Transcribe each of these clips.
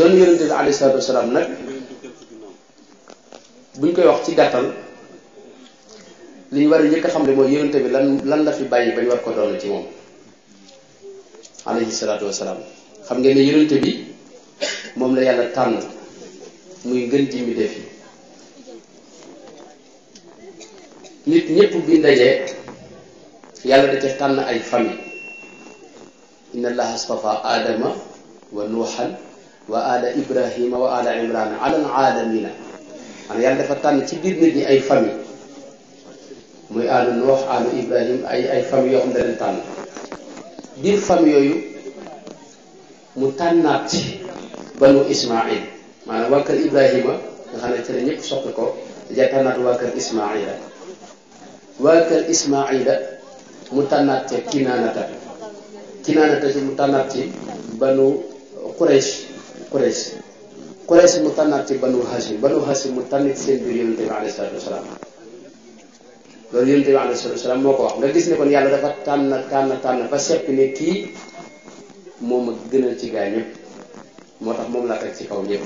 doon yonente bi alayhi salaatu wasalaam nag buñ koy wax ci gàttal li war a njëkk xam ne mooy yonente bi lan lan la fi bàyyi bañ war ko doon ci moom alayhi salaatu salaam xam ngeen ne bi moom la yàlla tànn muy ngën ji mi def yi nit ñëpp bi ndajee yàlla da ca tànn ay famille inna allaha astafa aadama wa nuuxan wa ala ibrahima wa dafa tànn ci biir nit ñi ay famille muy alu yoo xam ne yooyu mu tànnaat ci banu ismail maanaam waa kër ibrahima nga xam ne ci la ko dajay tànnaat waa kër ismaila waa mu tànnaat ca kinaanata kinaanata ci mu tànnaat ci banu quraysh Quraysh Quraysh mu tànnaat ci banu Hashim banu Hashim mu tànnit seen biir yonente bi alayhi salaatu wasalaam loolu yonente bi alayhi salaatu wasalaam moo ko wax nga gis ne kon yàlla dafa tànn tànn tànn ba sepp ne kii moom a gënal ci gaa ñëpp moo tax moom la teg ci kaw ñëpp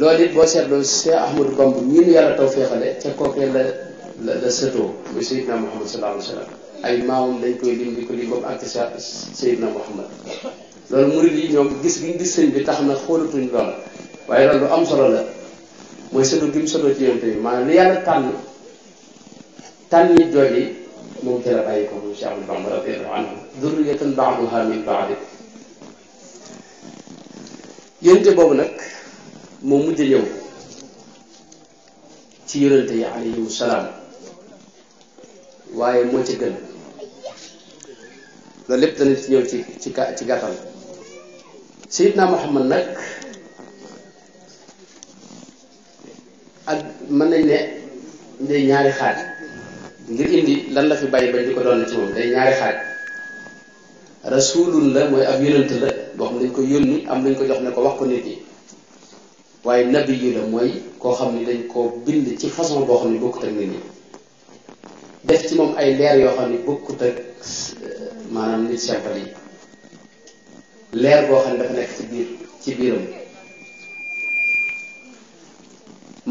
loolu it boo seetloo Cheikh Ahmadou Bamba ñi nu yàlla taw féexale ca kookee la la la sëtoo muy Seydina Muhammad sallallahu alayhi wa sallam ay maamam dañ koy lim di ko lim ba mu àgg sa Seydina Muhammad loolu murid yi ñoom gis gi gis sëñ bi tax na xoolatuñu lool waaye loolu lu am la mooy solo gi mu solo ci yonte bi maanaam lu yàlla tànn tànn nit jooju moom ci la bàyyi ko moom Cheikh Bamba radiyallahu anhu durriyatan ba'duha min ba'd yonte boobu nag moo mujj ñëw ci yonente yi alayhimu salaam waaye moo ci gën loolu lépp dana ci ñëw ci ci Seydina Muhammad nag ak mën nañ ne day ñaari xaal ngir indi lan la fi bàyyi bañ di ko doon ci moom day ñaari xaaj rasulun la mooy ab yónnante la boo xam ne dañ ko yónni am nañ ko jox ne ko wax ko nit yi waaye nabi yi la mooy koo xam ne dañ koo bind ci façon boo xam ne bokkut ak nit ñi def ci moom ay leer yoo xam ne bokkut ak maanaam nit simple yi leer boo xam ne dafa nekk ci biir ci biiram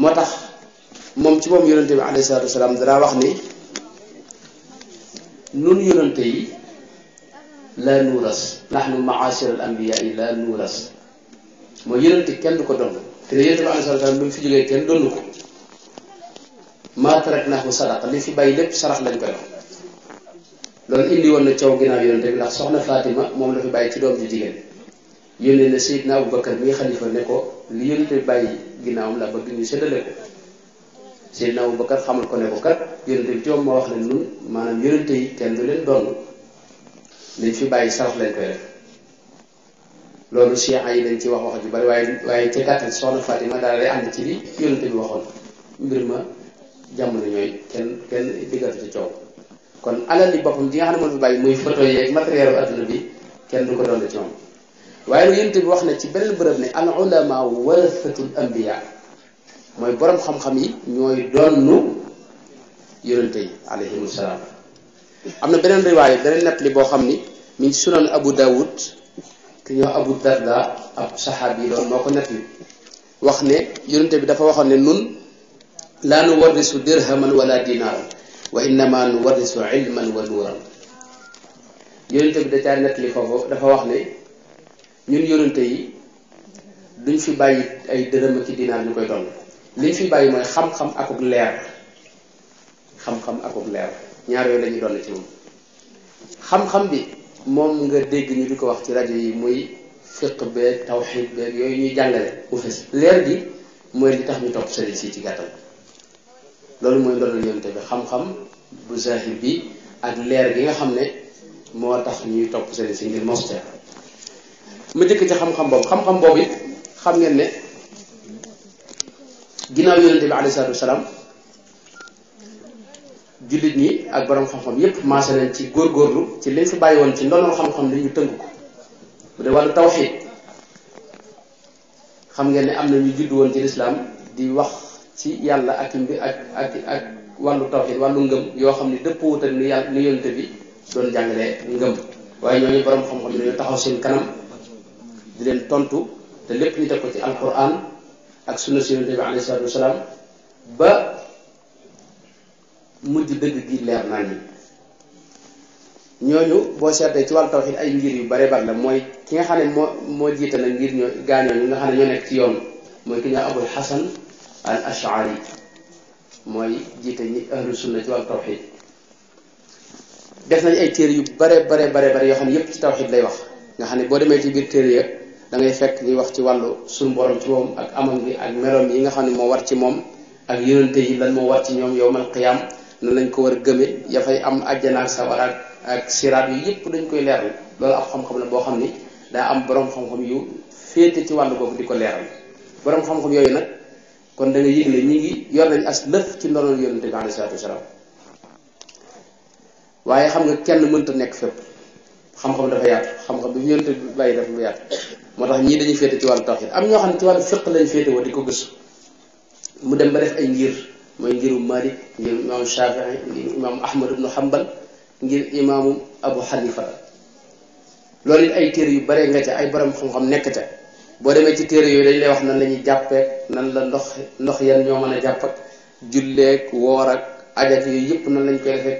moo tax moom ci moom yonante bi alayhi salaatu wasalaam danaa wax ni nun yonante yi laa nuuras nahnu maashir al anbiyaai laa nuuras mooy yonante kenn du ko donn te ne yonante bi alayhi salaatu wasalaam bi mu fi jógee kenn donn ko maa taraknaahu sadaqa li fi bàyyi lépp sarax lañ ko wax kon indi woon na coow ginnaaw yonent bi ndax soxna Fatima moom la fi bàyyi ci doom ju jigéen yónnee na Seydina Aboubacar mi xalifa ne ko li yonent bi bàyyi ginnaawam la bëgg ñu séddale ko ko ne ko kat yonent ma wax ne nun maanaam yonent yi leen fi bàyyi sarax loolu cheikh yi dañ ci wax wax ji bari waaye waaye ci gàttal soxna Fatima daal day ànd ci li yonent bi waxoon mbir ma jàmm na ñooy kenn diggatu ci coow kon alal yi boppam ji nga xam ne moom fi bàyyi muy photo yeeg matériel adduna bi kenn du ko doon ci moom waaye lu yonent bi wax na ci beneen bërëb ne al ulama warasatul anbiya mooy borom xam-xam yi ñooy doonnu yonente yi am na beneen riwaay beneen nepp boo xam ni mi ngi sunan abu dawud ki ñoo abu darda ab saxaab yi doon moo ko nepp li wax ne yonente bi dafa waxoon ne nun laa nu warisu dirhaman wala dinaar wa innama nuwarisu ilman wa nuuran yonente bi da caa nettali dafa wax ne ñun yonente yi duñ fi bàyyi ay dërëm ci dinaar ñu koy doon liñ fi bàyyi mooy xam-xam akub leer xam-xam akub leer ñaar yooyu lañuy doon ci moom xam-xam bi moom nga dégg ñu di ko wax ci rajo yi muy fiq beeg tawxid beeg yooyu ñuy jàngale bu fes leer gi mooy li tax ñu topp sëriñ si ci gàttal loolu mooy ndonal yonte bi xam-xam bu zahir bi ak leer gi nga xam ne moo tax ñuy topp seen si ngir mos ma jëkk ci xam-xam boobu xam-xam boobu it xam ngeen ne ginnaaw yonente bi aleyhi salaatu wasalaam jullit ñi ak boroom xam-xam yépp maase nañ ci góorlu ci liñ fi bàyyi woon ci ndonal xam-xam li ñu tënk ko bu dee wàllu tawxiid xam ngeen ne am na ñu judd woon ci lislaam di wax ci yàlla ak mbi ak ak ak wàllu tawxid wàllu ngëm yoo xam ne dëppoowut ak nu yàlla nu yonte bi doon jàngale ngëm waaye ñooñu borom xam-xam dañu taxaw seen kanam di leen tontu te lépp ñu teg ko ci alquran ak sunna si yonte bi alayhi salaatu wasalaam ba mujj dëgg gi leer naa ñi ñooñu boo seetee ci wàllu tawxid ay ngir yu bare bari la mooy ki nga xam ne moo moo jiite na ngir ñoo gaa ñu nga xam ne ñoo nekk ci yoon mooy ki ñu abul xasan al ashari mooy jiite ñi ahlu sunnati wal tawxid def nañ ay téere yu bare bare bare bare yoo xam ne yépp ci tawxid lay wax nga xam ne boo demee ci biir téere ya da ngay fekk ñuy wax ci wàllu suñu borom ci moom ak amam bi ak meloom yi nga xam ne moo war ci moom ak yonente yi lan moo war ci ñoom yowmal qiyaam nan lañ ko war a gëme ya fay am àjjana ak sawara ak ak siraat yi yépp dañ koy leeral loolu ab la boo xam ni daa am boroom xam-xam yu ci wàllu googu di ko leeral boroom xam-xam yooyu nag kon da nga yëg ne ñi ngi yor nañ as lëf ci ndonol yonent bi aleyhi salaatu wa salaam waaye xam nga kenn mënta nekk fépp xam-xam dafa yaatu xam-xam bi yonent bi bàyyi dafa moo tax ñii dañuy féete ci wàllu am ñoo xam ne ci wàllu fiq lañ féete woo di ko gëstu mu dem ba def ay ngir mooy ngirum Maalik ngir imaamu Shafii ngir imaamu Ahmad ibnu Hanbal ngir imaamu Abu Hanifa loolu it ay téere yu bare nga ca ay boroom xam-xam nekk ca boo demee ci téere yooyu dañ lay wax nan la ñuy jàppeek nan la ndox ndox yan ñoo mën a jàpp ak julleek woor ak yooyu yëpp nan lañ koy defee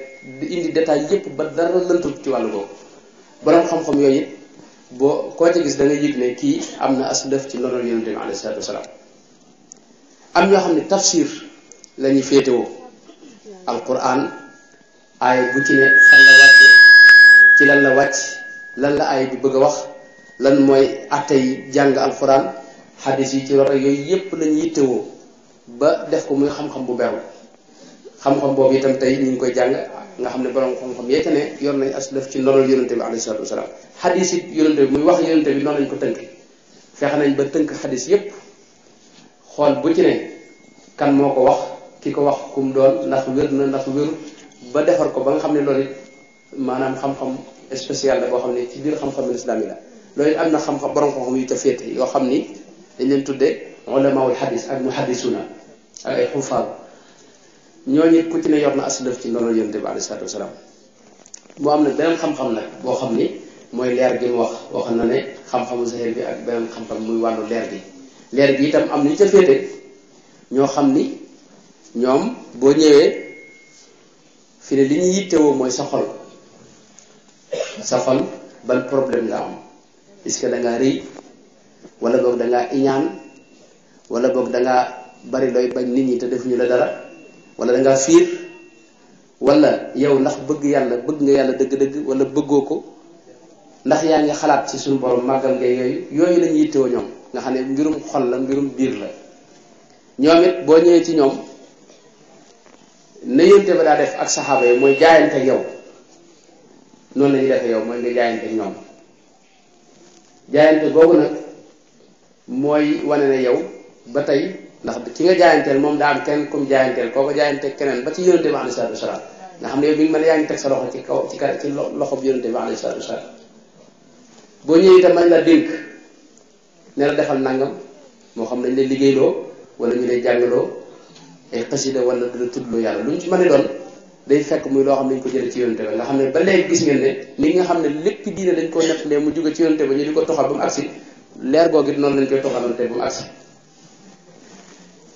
indi détail yëpp ba dara lëntul ci wàllu boobu borom xam-xam yooyu it boo koo ci gis da ngay yëg ne kii am na as lëf ci ndonol yonente bi alayhi salaatu wasalaam am ñoo xam ne tafsir la ñuy féetewoo alquran aay bu ci ne fan ci lan la wàcc lan la aay bi bëgg a wax lan mooy atte yi jàng alxuraan xadis yi ci war ak yooyu yépp lañ yittewoo ba def ko muy xam-xam bu beru xam-xam boobu itam tey ñu ngi koy jàng nga xam ne borom xam-xam yee ne yor nañ def ci ndonal yonente bi alayhi salatu wasalaam xadis yi yonente bi muy wax yonente bi noonu lañ ko tënk fexe nañ ba tënk xadis yépp xool bu ci ne kan moo ko wax ki ko wax kum doon ndax wér na ndax wér ba defar ko ba nga xam ne lool maanaam xam-xam boo xam ne ci biir xam-xam islam yi la loolu am na xam-xam borom xam-xam yu ca féete yoo xam ni dañ leen tudde ulamaul xadis ak muhadisuna ay xufaar ñooñu ku ci ne yor na aslëf ci ndono yonent bi aleyhi salaatu mu am na beneen xam-xam nag boo xam ni mooy leer gi mu wax waxoon na ne xam-xamu zahir bi ak beneen xam-xam muy wàllu leer gi leer gi itam am na ñu ca féete ñoo xam ni ñoom boo ñëwee fi ne li ñu yittewoo mooy sa xol sa xol ban problème la am est-ce que da nga rëy wala bok da nga iñan wala bok da nga bari looy bañ nit ñi te def ñu la dara wala da nga fiir wala yow ndax bëgg yàlla bëgg nga yàlla dëgg-dëgg wala bëggoo ko ndax yaa ngi xalaat ci suñu borom màggal nga yooyu yooyu lañu yittewoo ñoom nga xam ne mbirum xol la mbirum biir la ñoom it boo ñëwee ci ñoom na yénte ba daa def ak saxaaba yi mooy jaayante yow noonu lañu ñuy defee yow mooy nga jaayante ñoom jaayante googu nag mooy wane ne yow ba tey ndax ki nga jaayanteel moom daa am kenn comme jaayanteel koo ko jaayante keneen ba ci yonente bi alayhi salaatu xam ne bi ñu mën yaa ngi teg sa loxo ci kaw ci kaw ci loxo bi yonente bi alayhi salaatu wasalaam boo ñëwee itam la dénk ne la defal nangam moo xam dañ lay liggéeyloo wala ñu lay jàngaloo ay xasida wala du la tuddloo yàlla lu mu ma mën doon day fekk muy loo xam ne dañ ko jëlee ci yonte ba nga xam ne ba léegi gis ngeen ne li nga xam ne lépp diine dañ ko nettalee mu jóge ci yonte ba ñu di ko toxal ba mu agsi leer googu it noonu lañ koy toxalante ba mu agsi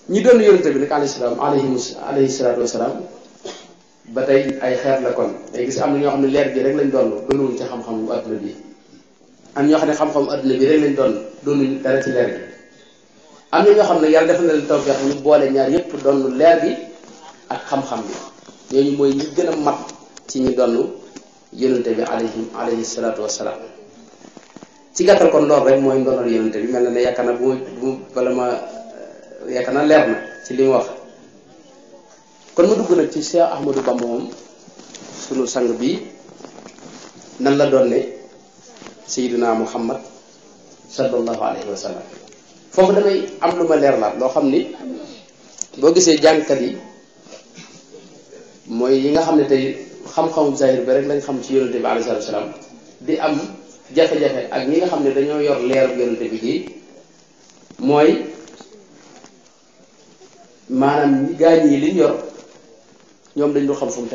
ñi doon yonte bi nag alayhi salaam ba tey ay xeet la kon day gis am na ñoo xam ne leer bi rek lañ doon doonuñ ci xam-xamu adduna bi am ñoo xam ne xam-xamu adduna bi lañ doon doonuñ dara ci leer bi am na ñoo xam ne yàlla def na leen tawfeex ñu boole ñaar yépp doon leer gi ak xam-xam bi ñu mooy ñi gën a mat ci ñi donnu yonente bi alayhi alayhi salatu wassalam ci gàttal kon loolu rek mooy ndonal yonente bi mel na ne yaakaar na bu bu bala ma eh, yaakaar na leer na ci li mu wax kon mu dugg nag ci cheikh ahmadou bamba moom sunu sang bi nan la doon ne sayiduna muhammad sallallahu alayhi wa sallam foofu damay am lu ma leer la loo xam ni boo gisee jàngkat yi mooy yi nga xam ne tey xam-xamu zahir bi rek lañ xam ci yonente bi alayhi salaatu di am jafe-jafe ak ñi nga xam ne dañoo yor leer yonente bi gii mooy maanaam gaañ yi liñ yor ñoom dañ du xam fu mu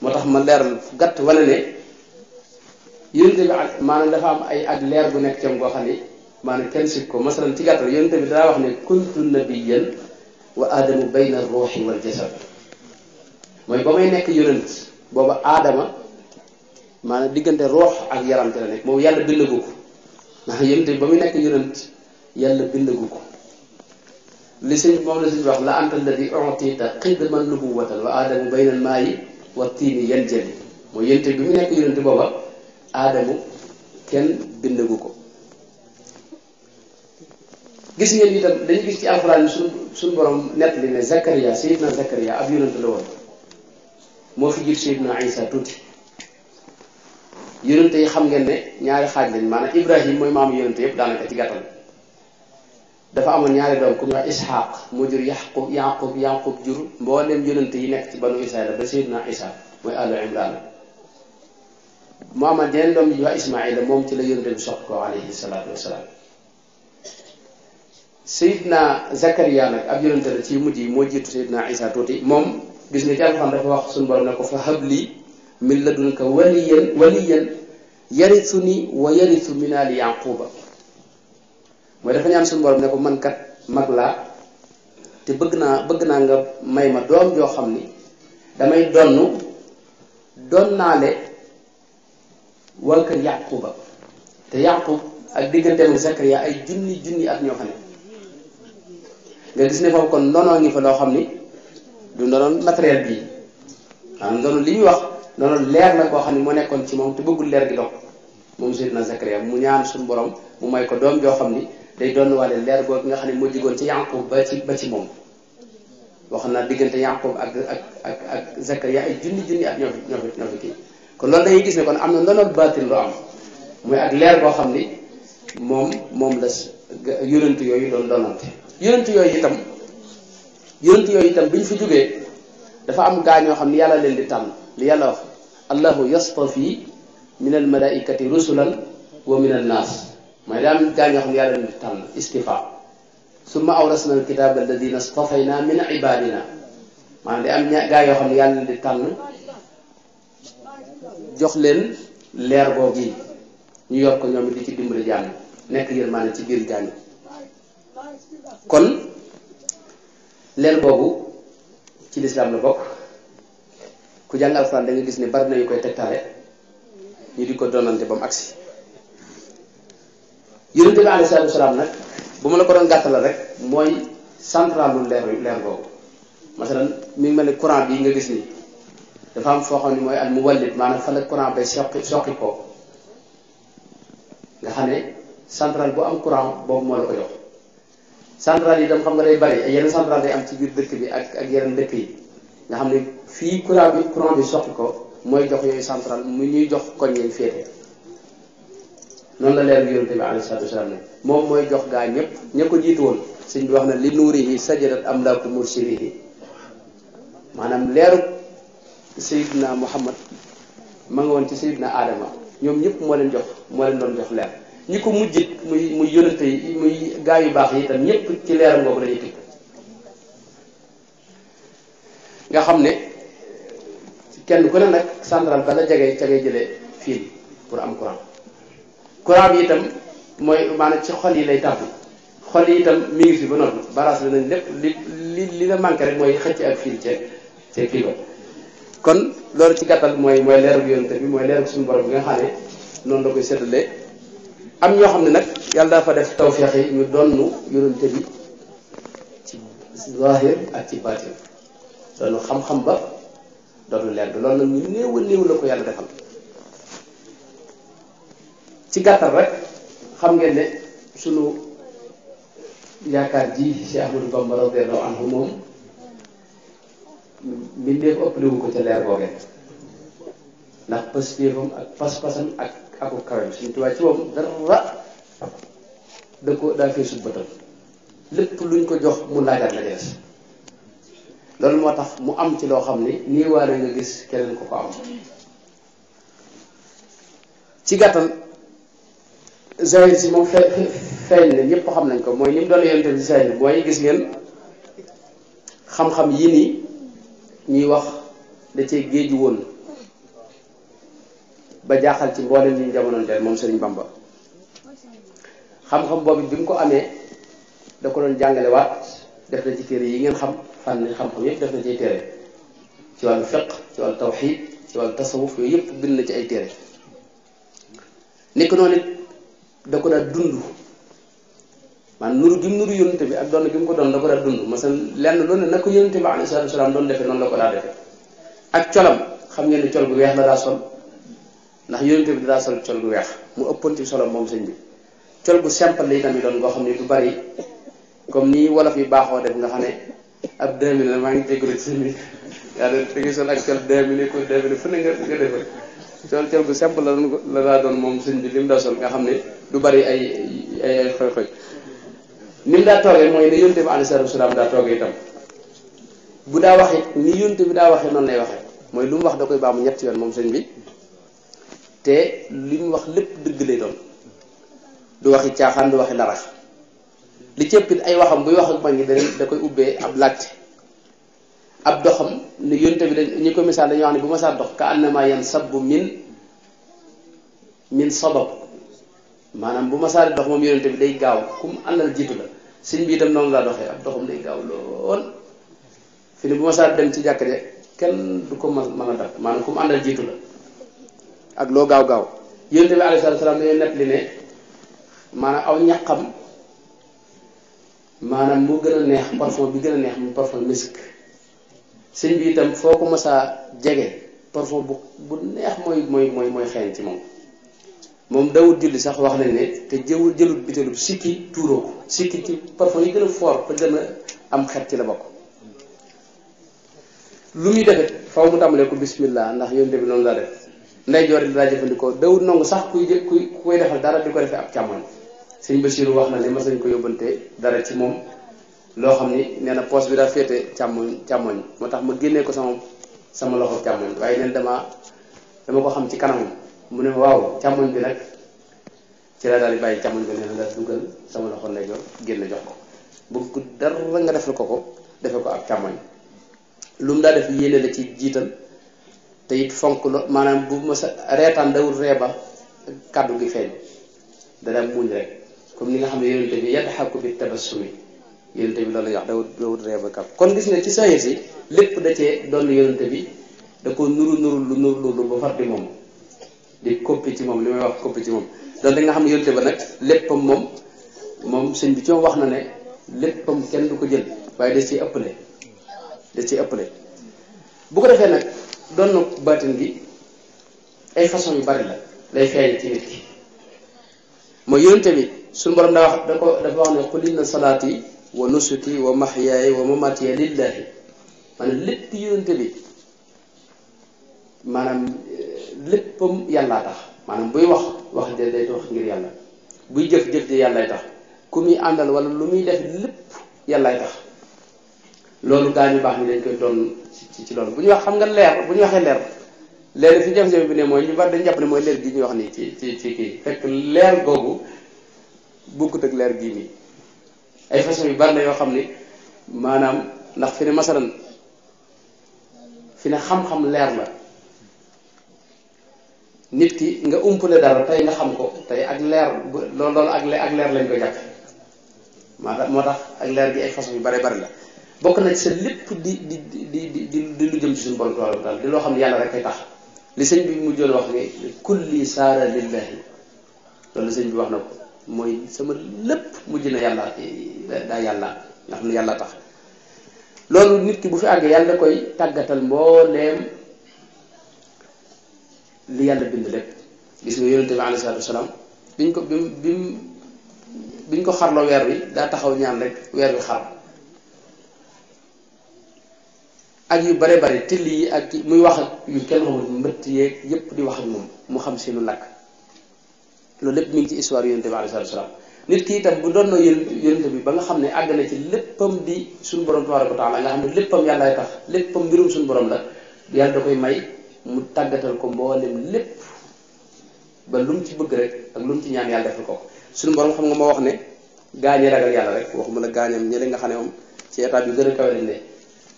moo tax ma leer gàtt wala ne yonente bi ak maanaam dafa am ay ak leer bu nekk cam goo xam ne maanaam kenn si ko masalan ci gàttal yonente bi daa wax ne kuntu nabiyyan wa aadamu bayna ruuxi wal jasad mooy ba may nekk yonent booba aadama maanaam diggante roox ak yaram te la nekk boobu yàlla bindagu ko maanaam ba muy nekk yonent yàlla bindagu ko li sëñ moom la sëñ wax la anta alladi utita xidman nubuwatan wa aadamu bayna al maayi wa tiini yan jëli mooy yonent bi mu nekk kenn bindagu ko gis ngeen itam dañu gis ci alxuraan suñ suñ borom nett li ne Zakaria sayidna Zakaria ab yonent la woon moo fi jiitu Seydina Isa tuuti yonente yi xam ngeen ne ñaari xaaj lañ maanaam Ibrahim mooy maamu yonente yëpp daanaka ci gàttal dafa amoon ñaari doom ku ñuy moo jur Yaqub Yaqub Yaqub jur mboolem yonente yi nekk ci banu Israila ba Seydina Isa mooy Alu Imran mu amoon jeneen doom ji wax Ismaila moom ci la yonente bi soq ko alayhi salaatu wasalaam Seydina Zakaria nag ab yonente la ci mujj yi moo jiitu Seydina Isa tuuti moom gis nga ci alxuraan dafa wax suñu borom ne ko fa habli min ladunka waliyan waliyan yarisu ni wa yarisu min ali yaquba mooy dafa ñaan suñu borom ne ko man kat mag laa te bëgg naa bëgg naa nga may ma doom joo xam ni damay donn doon naale waa kër yaquba te yaqub ak digganteem ak Zakariya ay junni junni ak ñoo xam ne nga gis ne foofu kon ndono ngi fa loo xam ni du ndonoon matériel bii waaw ndonoon li ñuy wax ndonoon leer la koo xam ne moo nekkoon ci moom te bëggul leer gi dox moom Seydina Zakaria mu ñaan suñu borom mu may ko doom joo xam ni day doon wàlle leer googu nga xam ne moo jigoon ci Yaqub ba ci ba ci moom wax na diggante Yaqub ak ak ak ak ak ñoo kii kon loolu dañuy gis ne am na ndonoon baatin lu am muy ak leer boo xam ni moom moom la yonent yooyu doon donante yonent yooyu itam yonent yooyu itam bi ñu fi jógee dafa am gaa ñoo xam ne yàlla leen di tànn li yàlla wax allahu yastafi min al malaikati rusulan wa min al naas mooy daa am gaa ñoo xam ne yàlla leen di tànn istifa summa awrasna al kitaaba alladina stafayna min ibadina maanaam am ña yoo xam ne yàlla leen di tànn jox leen leer googu ñu yokk ko ñoom it di ci dimbali jàng nekk yërmaane ci biir jàng kon leel boobu ci lislaam la bokk ku jàng alxuraan da gis ni bari nañu koy tegtale ñu di ko donante ba mu agsi yonente bi aleyhi salaatu wasalaam nag ma la ko doon gàttalal rek mooy centralu leer leer boobu masalan mi mel ne courant bii nga gis nii dafa am foo mooy al muwallid maanaam fa la courant bay soqi soqi ko nga xam ne central bu am courant boobu moo la ko jox centrale yi dama xam nga day bari ay yenn centrale am ci biir dëkk bi ak ak yeneen dëkk yi nga xam ne fii courant bi courant bi soxla ko mooy jox yooyu centrale mu ñuy jox koñ yañ féete noonu la leer bi yonente bi alayhi salaatu ne moom mooy jox gaa ñëpp ña ko woon sëñ bi wax na li nuurihi sajadat amlaaku mursilihi maanaam leeru sayidna muhammad ma nga woon ci na aadama ñoom ñëpp moo leen jox moo leen doon jox leer ñi ko mujj muy muy yónnante yi muy gaa yu baax yi itam ñépp ci leeram boobu lañuy tëgg nga xam ne kenn ku ne nag central ba jege jege jële ngay pour am courant courant bi itam mooy maanaam ci xol yi lay tàbbi xol yi itam mi ngi fi ba noonu baraas la nañ lépp li li li la manqué rek mooy xëcc ak fil ca ca kii ba kon loolu ci gàttal mooy mooy leeru yonent bi mooy leeru suñu borom bi nga xam ne noonu la koy séddale am ñoo xam ne nag yàlla dafa def tawféex yi ñu donnu yonente bi ci zahir ak ci baatin doonu xam-xam ba doonu leer bi loolu nag ñu néew néew la ko yàlla defal ci gàttal rek xam ngeen ne sunu yaakaar ji Cheikh Ahmadou Bamba radiyallahu anhu moom mbindeef ëpp wu ko ca leer boogee ndax pas-pasam ak pas-pasam ak ak ko kawe suñu tubaab ci moom dara da ko daa fee sut lépp luñ ko jox mu laajaat la dees loolu moo tax mu am ci loo xam ni nii waa nga gis keneen ko ko am ci gàttal zahir si moom fe feeñ na ñëpp xam nañ ko mooy ni mu doon yonte si zahir mooy gis ngeen xam-xam yi nii ñuy wax da cee géeju woon ba jaaxal ci mboolem ñi jamonoonteel moom Sëriñ Bamba xam-xam boobu bi mu ko amee da ko doon jàngale waat def na ci téere yi ngeen xam fànn xam-xam yëpp def na ci téere ci wàllu fiq ci wàllu tawxid ci wàllu tasawuf yooyu ci ay téere nekk noonu it da ko daal dund maanaam nuru gi mu nuru yónente bi ak doon gi mu ko doon da ko daal dund masalan lenn loolu ne na ko yónente bi alayhi salaatu wasalaam doon defee noonu la ko daa defee ak colam xam ngeen ne col bu weex la daa sol ndax yonente bi daa sol col gu weex mu ëppoon ci solo moom sëñ bi col gu simple la itam yi doon boo xam ne du bari comme nii wolof yi baaxoo def nga xam ne ab deux mille maa ngi jégalu ci sëñ bi yaa da ngay sol ak col deux mille ko fu ne nga nga defal col col gu simple la doon doon moom sëñ bi li mu daa sol nga xam ne du bari ay ay xoy ni mu daa toogee mooy ne yonente bi alayhi salaatu wasalaam daa toogee itam bu daa waxee ni yonente bi daa waxee noonu lay waxee mooy lu mu wax da koy baamu ñetti yoon moom sëñ bi te lim wax lepp dëgg lay doon du waxi caaxaan du waxi dara li cëppit ay waxam buy wax ak mag dañ da koy ubbé ab latte ab doxam ni yonte bi dañ ñi ko misal dañuy wax ni buma sa dox ka annama yan sabbu min min sabab manam buma sa dox mom yonente bi day gaaw kum andal jitu la sëñ bi tam non la doxé ab doxam day gaaw lool fi ni buma sa dem ci jàkk de kenn du ko mëna dab kum andal jiitu la ak loo gaaw gaaw yonent bi alayhi salaam dañuy nettali ne maanaam aw ñaqam maanaam mu gën a neex parfum bi gën a neex mu parfum misk sëñ bi itam foo ko masaa jege parfum bu bu neex mooy mooy mooy ci moom moom dawut julli sax wax nañ ne te jëwul jëlut bitelub sikki tuuroo ko sikki ci parfum yi gën a fort te gën a am xet ci la bokk lu muy defet faw mu tàmbalee ko bismillah ndax yonte bi noonu laa def ndeyjoor di daa jëfandikoo dawut nangu sax kuy kuy kuy defal dara di ko defee ab càmmoñ sëñ Bachir wax na li ma sañ ko yóbbante dara ci moom loo xam ni nee na poos bi daa féete càmmoñ càmmoñ moo tax ma génnee ko sama sama loxo càmmoñ waaye neen dama dama ko xam ci kanam mu waaw càmmoñ bi nag ci la daal di bàyyi càmmoñ bi nee na la sama loxo ndeyjoor génn jox ko bëgg ko dara nga defal ko ko defe ko ab càmmoñ lu mu daa def yéene la ci jiital te it fonk lo maanaam bu ma sa reetaan dawul ree ba kàddu gi feeñ dana muñ rek comme ni nga xam ne yonente bi yadxaku bi tabassumi yonente bi loolu la ñuy wax dawut dawut ree ba kàddu kon gis nga ci soxir si lépp da cee doon yonente bi da ko nuru nuru lu nuru lu ba far di moom di koppi ci moom li may wax koppi ci moom donc da nga xam ne yonente ba nag léppam moom moom sëñ bi ci wax na ne léppam kenn du ko jël waaye da ciy ëppale da ciy ëppale bu ko defee nag doon na baatin gi ay façon yu bari la lay feeñ ci nit ki mooy yonente bi suñu borom daa wax da ko dafa wax ne qul inna salaati wa nusuki wa mahyaaya wa mamatiya lillahi maanaam lépp yonente bi maanaam eh, léppam yàllaa tax maanaam buy wax wax de day wax ngir yàlla buy jëf-jëf de yàllaay tax ku muy àndal wala lu muy def lépp yàllaay tax loolu gaa ñu baax ni dañ koy doon ci ci loolu bu ñu wax xam nga leer bu ñu waxee leer leer fi jafe-jafe bi ne mooy ñu bari dañu jàpp ne mooy leer gi ñuy wax nii ci ci ci kii fekk leer googu bokkut ak leer gii nii ay façon yu bari la yoo xam ni maanaam ndax fi ne fi ne xam leer la nit ki nga umpale dara tey nga xam ko tey ak leer loolu loolu ak leer lañ ko jàpp moo tax ak leer gi ay façon yu bari bari la bokk nañ ci sa lépp di di di di di lu jëm ci suñu borom tabaaraka taala di loo xam ne yàlla rek kay tax li sëñ bi mu joon wax ne kulli saara lillahi loolu sëñ wax na ko mooy sama lépp mujj na yàlla daa yàlla nga xam ne yàlla tax loolu nit ki bu fi àggee yàlla koy tàggatal mbooleem li yàlla bind lépp gis nga yonente bi alayhi salaatu wasalaam biñ ko bi mu bi mu biñ ko xarloo weer wi daa taxaw ñaan rek weer wi xar ak yu bare bare till yi ak muy wax yu kenn xamul mbëtt yeeg yépp di wax ak moom mu xam seenu làkk loolu lépp mu ngi ci histoire yonente bi alayhi salaatu salaam nit kii itam bu doon na yén yonente bi ba nga xam ne àgg na ci léppam di suñu borom tabaaraka wa taala nga xam ne léppam yàllaay tax léppam mbirum suñu borom la yàlla da koy may mu tàggatal ko mboolem lépp ba lu mu ci bëgg rek ak lu ci ñaan yàlla defal ko suñu borom xam nga moo wax ne gaañe ragal yàlla rek waxuma la gaañam ñële nga xam ne moom ci état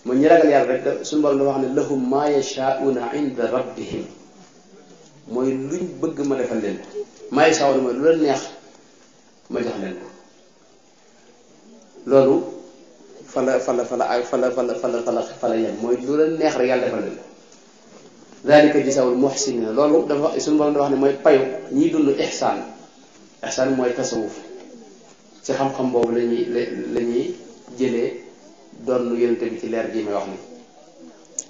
mooy ñi ragal yàlla rek suñu borom da wax ne lahum ma yashaa'una inda rabbihim mooy luñ bëgg ma defal leen ma yashaa'una mooy lu neex ma jox leen ko loolu fala fala ay fala fala mooy neex rek yàlla defal leen ko loolu dafa suñu da wax ne mooy payu ñiy dund ihsaan ihsaan mooy tasawuf ci xam-xam boobu lañuy la la ñuy jëlee doon nu yonente bi ci leer gi may